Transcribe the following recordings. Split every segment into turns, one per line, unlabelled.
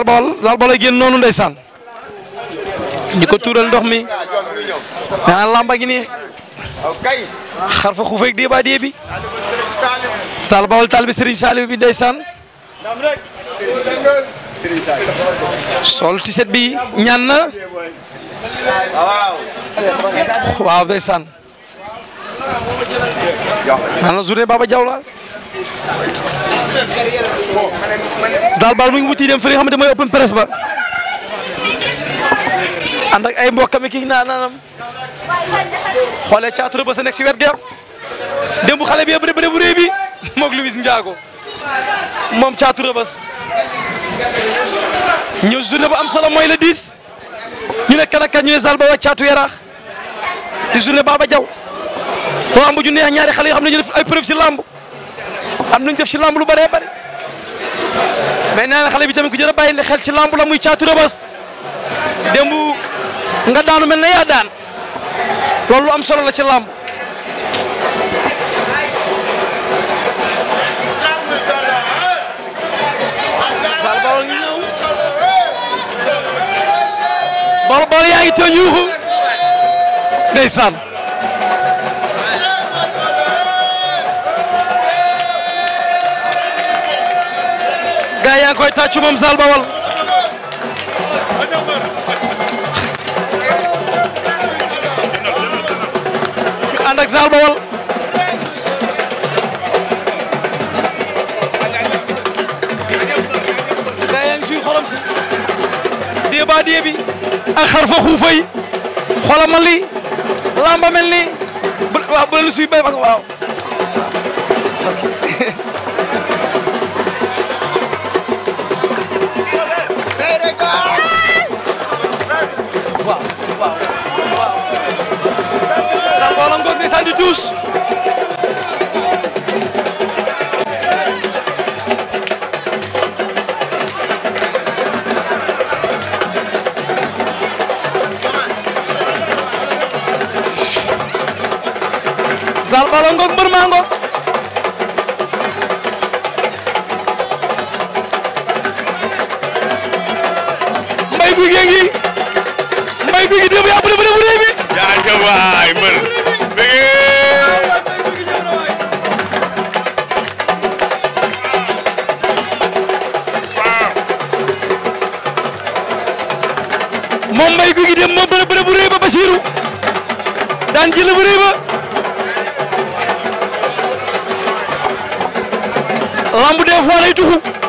Zal Baol Zal a génn ko tuural ndox mi naan lamba gi nii bi Zal daal baal mu ngi mucc dem fi nga xamante mooy open press ba ànd ay mbokkam ki naa naanam xoolee caatu ba sa nekk si wet xale bi bëre bëre bu rëy bi moog Luis Ndiago moom caatu rëbës ñëw journée bu am solo mooy le 10 ñu ne kan ak kan ñu ne Zal Baol ak caatu yaraax di journée Baba Diaw lamb ju neex ñaari xale yoo xam ne ñu def ay preuve ci lamb am nañ def ci lamb lu bëree bëri. mais nee na xale bi tamit ku jërë bàyyi xel ci lamb la muy caatu rëbës démb nga daanu mel na yaa daan loolu am solo la ci lamb Bawol Bawol yaa ngi tëj yuuxu ndeysaan koy tàccu moom Zal Bawol ñu ànd ak Zal Bawol gaa yaa ngi suy xorom si dée baa dée bi ak xar fa xuufa yi xoolal ma lii lamba mel nii waaw bu leen suy bay waaw di tuus Zal Balo ngoog mbër maa ngoog
mbay guy gi mbay guy gi démb yaa bëri bëri bu rëy bi. yaa ngi waay mbër. lamb des fois lay tuxu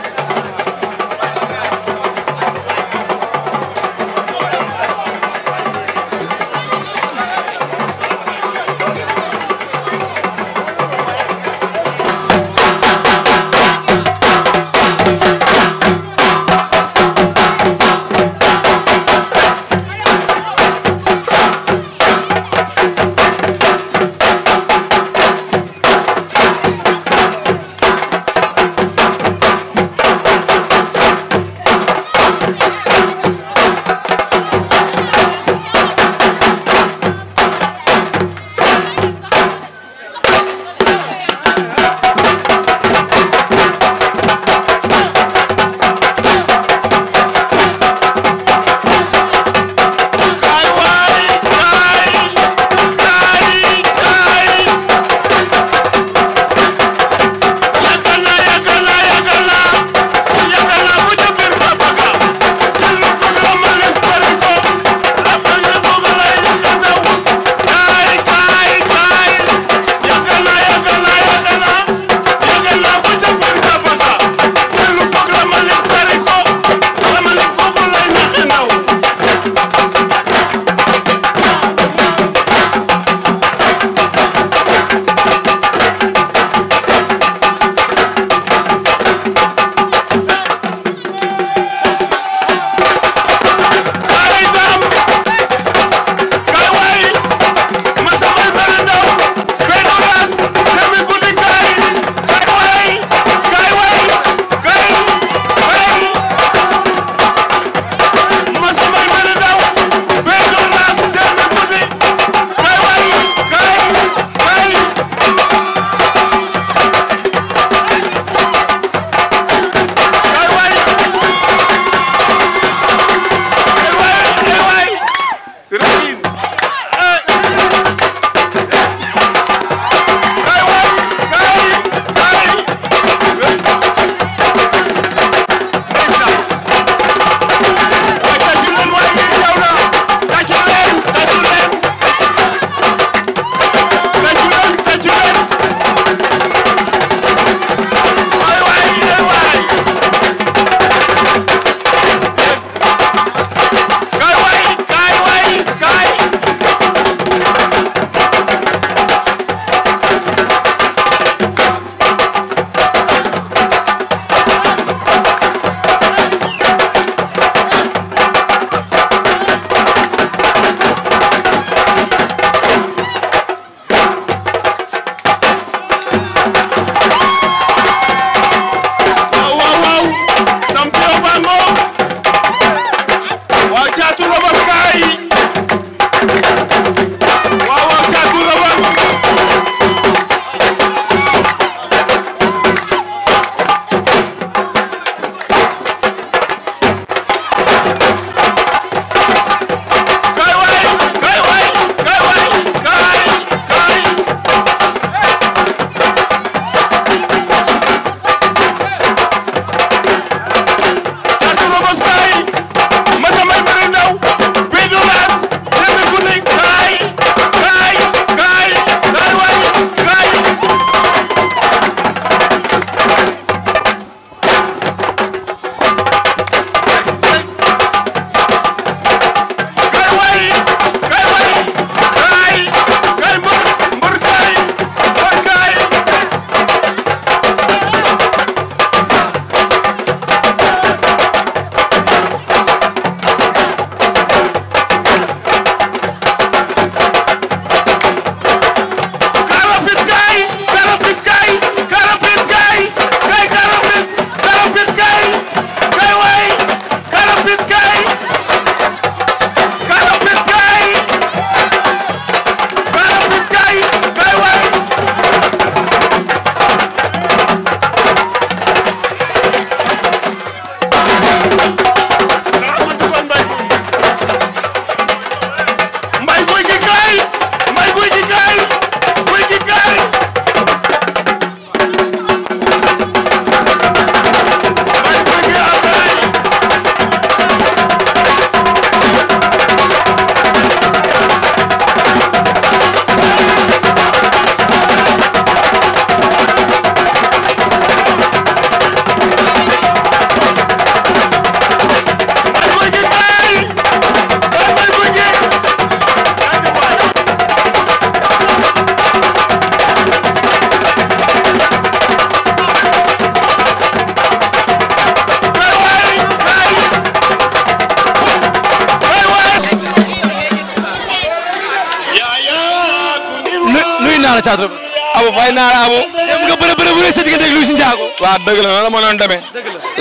naa la caatu rëbës abu fay naa la abu dem nga bërë bërë bu rëy sa diggante ak Luis Ndiago waaw dëgg la noonu la ma doon demee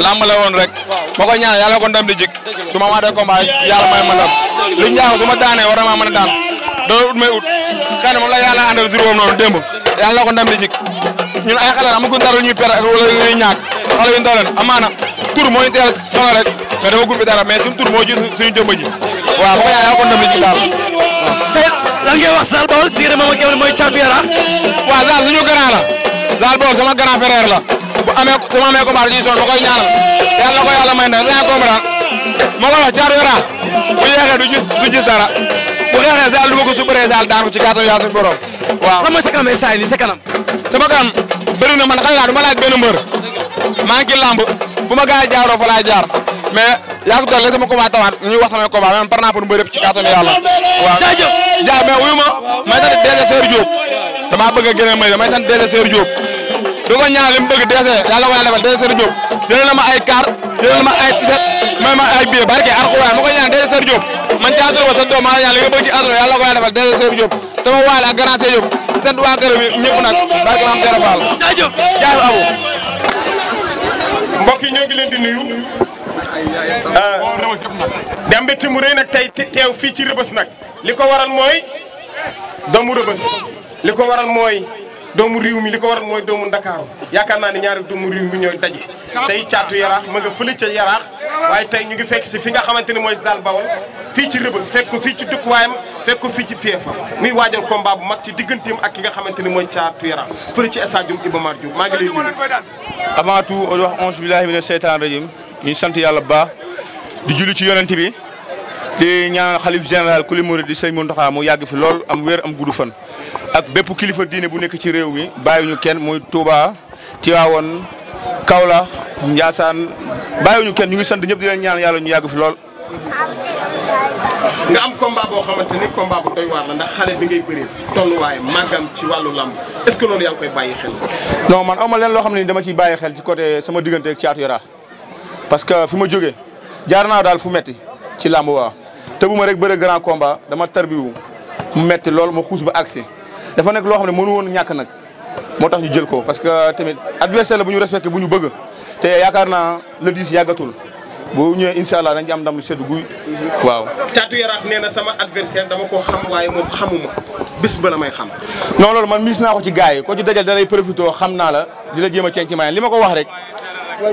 làmb la woon rek ma ko ñaan yàlla ko ndam di jik su ma amaatee combat yàlla may ma ndam Luis Ndiago su ma daanee war na maa mën a daan doo ut may ut xëy na moom la yàlla àndal si moom noonu démb yàlla ko ndam di jik ñun ay xale amaguñ dara ñuy perte ak wala ñuy ñàkk xale amaana tur moo ñu teel solo rek mais dama gudd fi dara mais waaw Papa Yade amoon na lu ñu daal. lan ngay wax Zal Baol si diggante moom ak yow mooy champion la. waaw Zal suñu grand la. Zal Baol sama grand frère la. bu amee su ma amee combat dañuy sonn ma koy ñaanal yàlla na ko yàlla may ndax dinaa comprendre ma koy wax Thiatou Yarakh bu yéexee du gis du gis dara bu du ma ko supéré Zal ci kàttan yaa suñu borom waaw. lan mooy sa kanam instant yii sama kanam bëri man xëy du ma laaj maa ngi fu ma gars jaar yaa ko doon léegi sama combat tawaat ñuy wax sama combat man par naa pour mbër yëpp ci kàttanu yàlla. wuyu ma may sant DG Seydou Diop damaa bëgg a a may may sant DG Seydou Diop. du ko ñaanal li mu bëgg DG yàlla ko yàlla defal DG Seydou Diop jëlee na ma ay car jëlee na ma ay tiset may ma ay billet barke alxuraan ma ko a DG Seydou Diop man caatul ma sa doom maa ñaan li nga bëgg ci àdduna yàlla ko yàlla defal DG Seydou Diop sama waale
ak di am mbégte mu rëy nag tey teew fii ci rëbës nag li ko waral mooy doomu rëbës li ko waral mooy doomu réew mi li ko waral mooy doomu ndakaaru yaakaar naa ne ñaari doomu réew mi ñooy daje tey caatu yaraax ma nga fële ca yaraax waaye tey ñu ngi fekk si fi nga xamante ni mooy Zal Bawol fii ci rëbës fekk ko fii ci dëkkuwaayam fekk ko fii ci feefam muy waajal combat bu mag ci digganteem ak ki nga xamante ni mooy caatu yaraax fële ci stade Iba Mar Diop maa ngi lay nuyu
avant tout wax auzu ñu sant yàlla bu baax di julli ci yonent bi di ñaanal xalif général kuli murid di sëñ Mountakha mu yàgg fi lool am wér am gudd fan. ak bépp kilifa diine bu nekk ci réew mi bàyyiwuñu kenn muy Touba Tivaouane Kaolack Ndiassane ñu kenn ñu ngi sant ñëpp di leen ñaan yàlla ñu yàgg fi lool.
nga am combat boo xamante ni combat bu doy waar la ndax xale bi ngay bëree tolluwaay màggam ci wàllu lamb est-ce que loolu yaa ngi koy bàyyi xel.
non man aw leen loo xam ne dama ciy bàyyi xel ci côté sama diggante ak parce que fu ma jógee jaar naa daal fu metti ci làmb waa tëbu ma rek bëre grand comba dama tarbiwu mu metti loolu ma xuus ba agsi dafa nekk loo xam ne mënu woon ñàkk nag moo tax ñu jël ko parce que tamit adversaire la bu ñu respecté bu ñu bëgg yaakaar naa le 10 yàggatul boo ñëwee incha allah dañ ci am ndam
waaw. Caatu nee na sama adversaire dama ko xam waaye moom xamuma bis ba la may xam.
non lool man mis naa ko ci gars yi ko ci dajal da lay profité xam naa la di la jéem a ceeñ ci li ma ko wax rek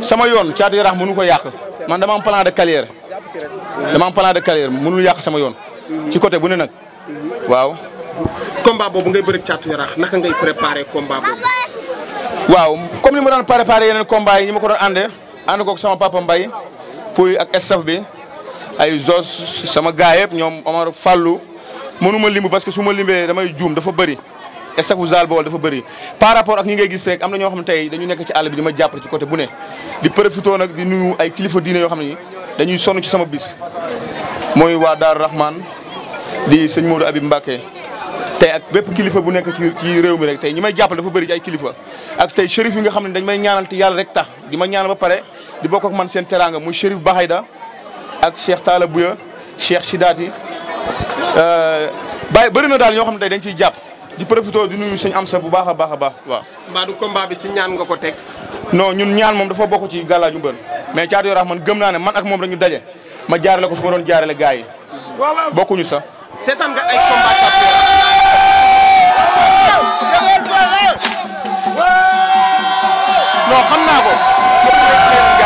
sama yoon caatu yaraax mënu ko yàq man dama am plan de carrière dama am de carrière mënul yàq sama yoon. ci côté bu ne nag waaw. combat boobu ngay bëri caatu yaraax naka ngay préparé combat waaw comme ni ma daan préparé yeneen combat yi ñi ma ko doon àndee ànd koog sama papa Mbaye Pouy ak staff bi ay Zos sama gaay yëpp ñoom Omar Fallou mënu ma limb parce que su ma limbee damay juum dafa bëri. stafu Zal Baol dafa bari par rapport ak ñi ngay gis fekk am na ñoo xam ne tey dañu nekk ci àll bi di ma jàppale ci côté bu ne di profité nag di nuyu ay kilifa diine yoo xam ne dañuy sonn ci sama bis mooy waa Daaru Rahman di sëñ Modou Habib Mbacké tey ak bépp kilifa bu nekk ci ci réew mi rek tey ñi may jàppale dafa bëri ay kilifa ak tey chérif yi nga xam ne dañ may ñaanal yàlla rek tax di ma ñaanal ba pare di bokk man seen teraanga muy chérif Bahayda ak Cheikh Talla Bouya Cheikh Sidaati euh, bàyyi bëri na daal ñoo xam ne tey dañ ciy jàpp di profité di nuyu suñu am sa bu baax a baax a baax waaw.
mbaa du combat ci ñaan nga ko teg.
noo ñun ñaan moom dafa bokk ci gàllaaju mbër mais Caatu Yaraax man gëm naane ne man ak moom rek ñu daje ma jaarale ko fu ma doon jaarale gaay yi.
waaw bokkuñu sax. seetaan nga ay combat non xam naa ko.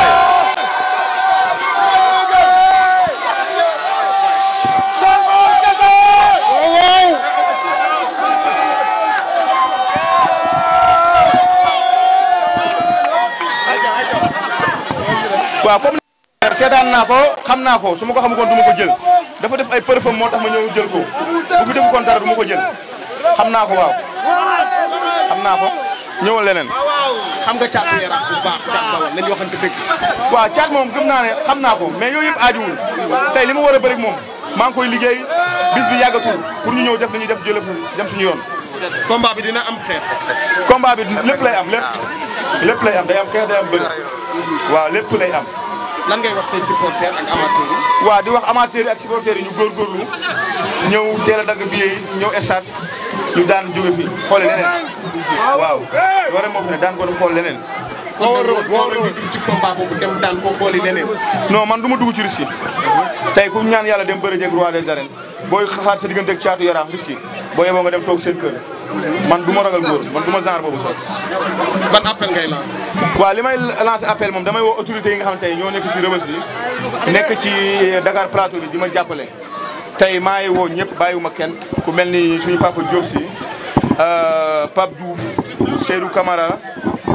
waaw comme seetaan naa ko xam naa ko su ma ko xamukoon du ma ko jël dafa def ay përfam moo tax ma ñëw jël ko
bu fi defukoon
dara du ma ko jël xam naa ko waaw xam naa ko ñëwal leneen xam nga caatu yaraax bu baax caat bawal nañu waxante dëgg waaw caat moom gëm naa ne xam naa ko mais yooyu yëpp aajuwul tey li ma war a bëri moom maa ngi koy liggéey bis bi yàggatul pour ñu ñëw def li ñuy def jëlëfu dem suñu yoon
combat bi dina am xeex.
combat bi lépp lay am lépp. lépp lay am day am xeex day am bëri. waaw lépp lay am.
lan ngay wax say supporters ak amateurs yi.
waaw di wax amateurs yi ak supporters yi ñu góorgóorlu ñëw teel a dagg billet yi ñëw stade ñu daan jóge fi xool leneen. waaw loolu moo fi ne daan ko doon xool leneen. boo waroon daan ko xooli leneen. non man du ma dugg ci risque. tey ku ñaan yàlla dem bëri jeeg roi des arènes booy xaar sa diggante ak caatu yaraax risque. boo yeboo nga dem toog seen kër man du ma ragal góor man du ma genre boobu sax.
ban appel ngay lancé.
waaw li may lancé appel moom damay woo autorité yi nga xam tey ñoo nekk ci Rebeuss bi nekk ci Dakar Plateau bi di ma jàppale. tey maa ngi woo ñëpp bàyyiwuma kenn ku mel ni suñu papa Diop si euh, Pape Diouf Seydou Camara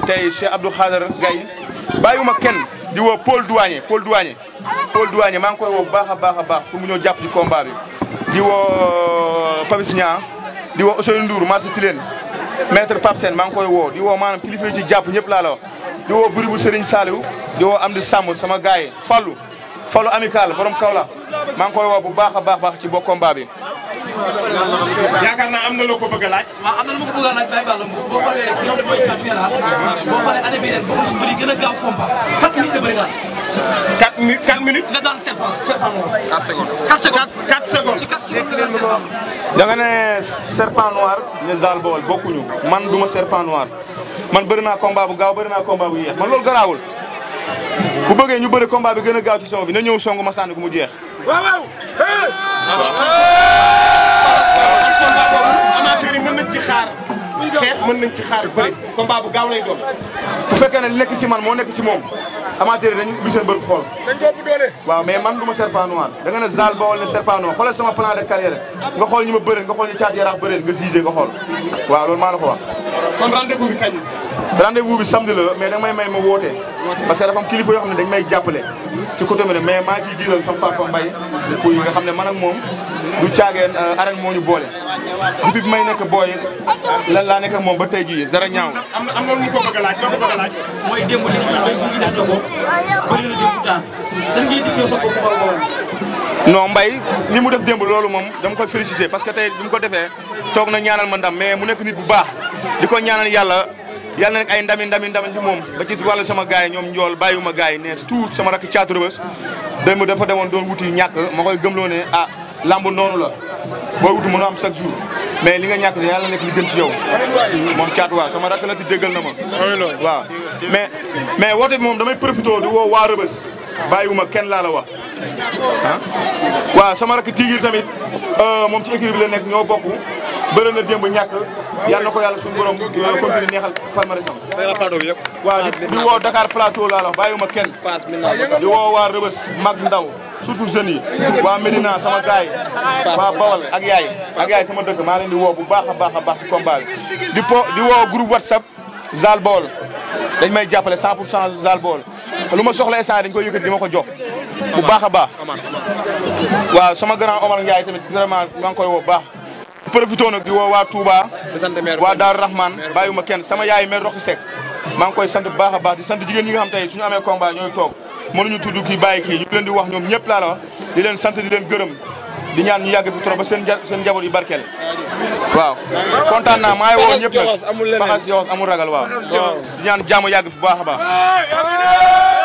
tey Cheikh Abdou Khader Gaye bàyyiwuma kenn di woo Paul Douanier Paul Douanier Paul Douanier maa ngi koy woo bu baax a baax a baax pour mu ñëw jàpp ci combat bi. di woo euh, Papis Niang di woo Ousseynou Ndour marché Tilène maître Pape Sène maa ngi koy woo di woo maanaam kilifa yi ci jàpp ñëpp laa la wax di woo buri bu Serigne Saliou di woo am di Samb sama gars yi Fallou Fallou amical borom Kaolack maa ngi koy woo bu baax a baax baax ci bokk combat bi.
yaakaar naa am na loo ko bëgg a laaj. waaw am na lu ma ko bëri ah. gën a gaaw combat 4 minutes de bëri daal. ne serpent
noir ne Zal Baol bokkuñu man duma serpent noir man bëri naa combat bu gaaw bëri naa combat bu man loolu garaawul. bu bëggee ñu bëri combat bi gën a gaaw ci song bi na ñëw song ma sànni ko mu jeex.
waaw waaw.
amateur mën nañ ci xaar. mën nañ ci xaar bëri combat bu gaaw lay doon. bu fekkee ne
nekk ci man moo nekk ci moom. amateur yi dañu ubbi seen bët xool. dañ koo doole. waaw mais man du ma serpent noir da nga ne Zal ne serpent noir xoolal sama plan de carrière nga xool ñi ma bëreen nga xool ñi caat yaraax bëreen nga siisee nga xool waaw loolu maa la ko kon rendez-vous bi kañ rendez-vous bi samedi la mais da may may ma woote parce que dafa am kilifa yoo xam ne may jàppale ci mais maa ngi ciy jiital sama papa Mbaye nga xam ne man moom du caageen euh, arène moo ñu boole bi may nekk booy lan laa nekk moom ba tey jii dara ñaaw am am na lu mu ko bëgg na ko ni mu def démb loolu moom dama koy féliciter parce que tey bi mu ko defee toog na ñaanal mandam ndam mais mu nekk nit bu baax di ko ñaanal yàlla yàlla nag ay ndami ndami ndami ci moom ba gis sama gars yi ñoom njool bàyyiwuma gars yi nees tout sama rakk caatu rëbës démb dafa demoon doon wuti ñàkk ma koy gëmloo ne ah lamb noonu la booy wuti mën am chaque jour mais li nga ñàkk ne yàlla nekk li gën ci yow moom caatu waa sama rakk la ti déggal na ma waaw mais mais woote bi moom damay profité di woo waa rëbës bàyyiwuma kenn laa la wa ah waaw sama rakk tiigir tamit euh, moom ci équipe bi la nekk ñoo bokk bëri na démb ñàkk yal na ko yàlla suñu borom continué neexal palmarès am. waa di woo Dakar Plateau laa la wax bàyyiwuma kenn. di woo waa Rëbës mag ndaw surtout jeunes yi. waa Medina sama gaay waa Bawal ak yaay ak yaay sama dëkk maa leen di woo bu baax a baax a baax si combat di po di woo groupe WhatsApp Zal Baol dañ may jàppale 100 pour 100 Zal Baol lu ma soxla instant dañ koy yëkkati di ma ko jox. bu baax a baax. waaw sama grand Omar Ndiaye tamit vraiment maa ngi koy baax. profité nag di woo waa Touba waa Daaru Rahman bàyyiwuma kenn sama yaay mère Roxi Seck maa ngi koy sant bu baax a baax di sant jigéen ñi nga xam tey suñu amee combat ñooy toog mënuñu tudd kii bàyyi ñu leen di wax ñoom ñëpp laa la wax di leen sant di leen gërëm di ñaan ñu yàgg fi trop seen seen njaboot yu barkeel waaw kontaan naa maa ngi woo ñëpp nag faxas yoos amul ragal waaw di ñaan jàmm yàgg fi bu baax a baax